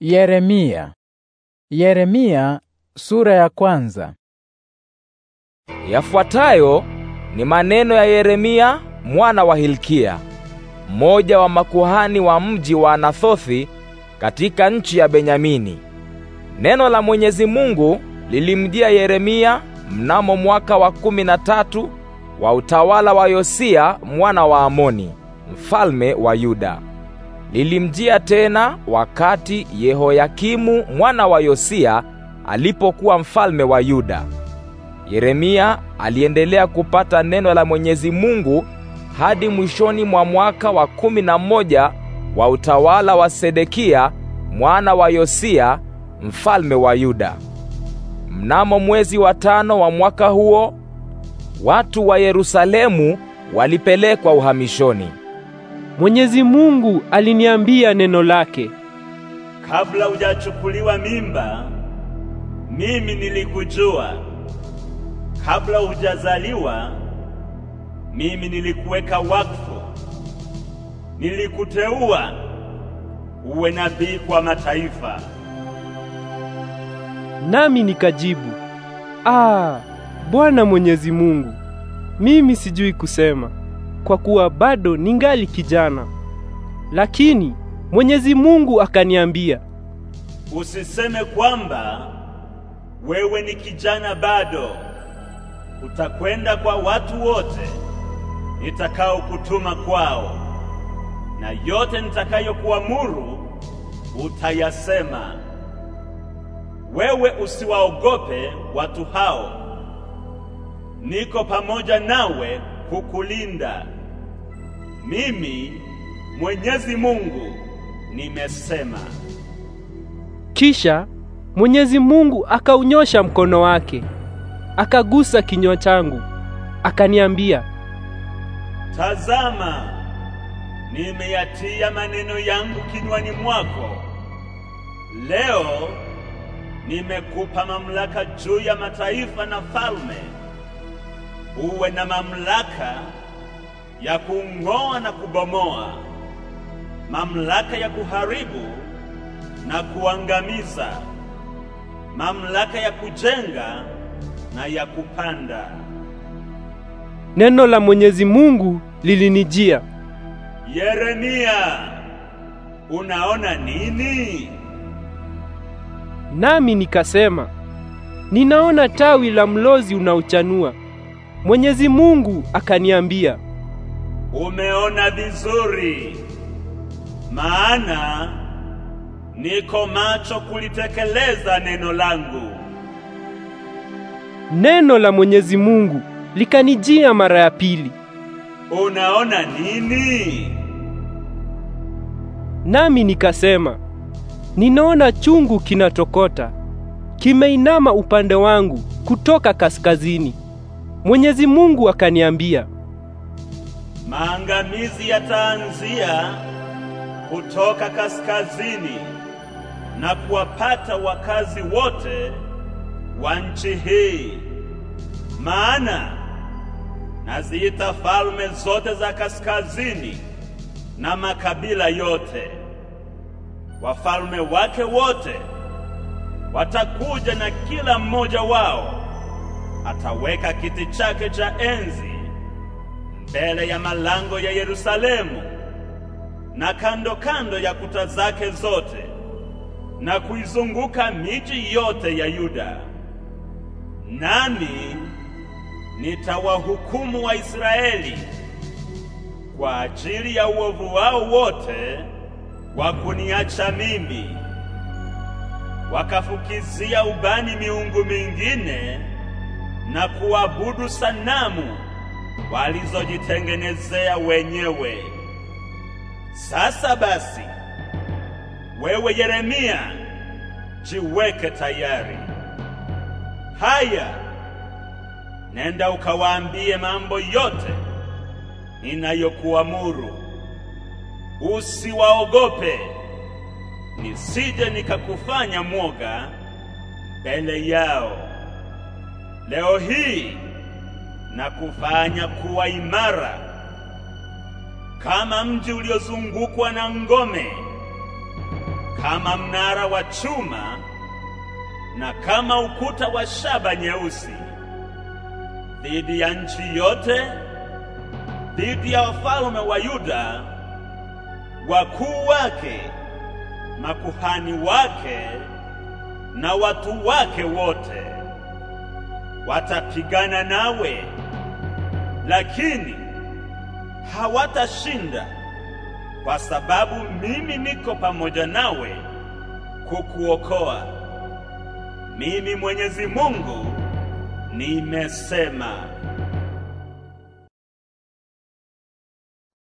Yeremia. Yeremia sura ya kwanza. Yafuatayo ni maneno ya Yeremia mwana wa Hilkia, mmoja wa makuhani wa mji wa Anathothi katika nchi ya Benyamini. Neno la Mwenyezi Mungu lilimjia Yeremia mnamo mwaka wa kumi na tatu wa utawala wa Yosia mwana wa Amoni, mfalme wa Yuda. Lilimjia tena wakati Yehoyakimu mwana wa Yosia alipokuwa mfalme wa Yuda. Yeremia aliendelea kupata neno la Mwenyezi Mungu hadi mwishoni mwa mwaka wa kumi na moja wa utawala wa Sedekia mwana wa Yosia mfalme wa Yuda. Mnamo mwezi wa tano wa mwaka huo watu wa Yerusalemu walipelekwa uhamishoni. Mwenyezi Mungu aliniambia neno lake, kabla hujachukuliwa mimba mimi nilikujua, kabla hujazaliwa mimi nilikuweka wakfu, nilikuteua uwe nabii kwa mataifa. Nami nikajibu, ah, Bwana Mwenyezi Mungu, mimi sijui kusema kwa kuwa bado ningali kijana. Lakini Mwenyezi Mungu akaniambia, usiseme kwamba wewe ni kijana bado. Utakwenda kwa watu wote nitakaokutuma kwao, na yote nitakayokuamuru utayasema. Wewe usiwaogope watu hao, niko pamoja nawe kukulinda. Mimi Mwenyezi Mungu nimesema. Kisha Mwenyezi Mungu akaunyosha mkono wake, akagusa kinywa changu, akaniambia, Tazama, nimeyatia maneno yangu kinywani mwako. Leo nimekupa mamlaka juu ya mataifa na falme uwe na mamlaka ya kung'oa na kubomoa, mamlaka ya kuharibu na kuangamiza, mamlaka ya kujenga na ya kupanda. Neno la Mwenyezi Mungu lilinijia, Yeremia, unaona nini? Nami nikasema, ninaona tawi la mlozi unaochanua Mwenyezi Mungu akaniambia, umeona vizuri, maana niko macho kulitekeleza neno langu. Neno la Mwenyezi Mungu likanijia mara ya pili, unaona nini? Nami nikasema, ninaona chungu kinatokota kimeinama upande wangu kutoka kaskazini. Mwenyezi Mungu akaniambia, maangamizi yataanzia kutoka kaskazini na kuwapata wakazi wote wa nchi hii, maana naziita falme zote za kaskazini na makabila yote. Wafalme wake wote watakuja na kila mmoja wao ataweka kiti chake cha enzi mbele ya malango ya Yerusalemu na kando kando ya kuta zake zote na kuizunguka miji yote ya Yuda. Nami nitawahukumu Waisraeli kwa ajili ya uovu wao wote wa kuniacha mimi, wakafukizia ubani miungu mingine na kuabudu sanamu walizojitengenezea wenyewe. Sasa basi, wewe Yeremia, jiweke tayari. Haya, nenda ukawaambie mambo yote ninayokuamuru. Usiwaogope, nisije nikakufanya mwoga mbele yao leo hii na kufanya kuwa imara kama mji uliozungukwa na ngome, kama mnara wa chuma na kama ukuta wa shaba nyeusi, dhidi ya nchi yote, dhidi ya wafalme wa Yuda, wakuu wake, makuhani wake na watu wake wote watapigana nawe, lakini hawatashinda, kwa sababu mimi niko pamoja nawe kukuokoa. Mimi Mwenyezi Mungu nimesema.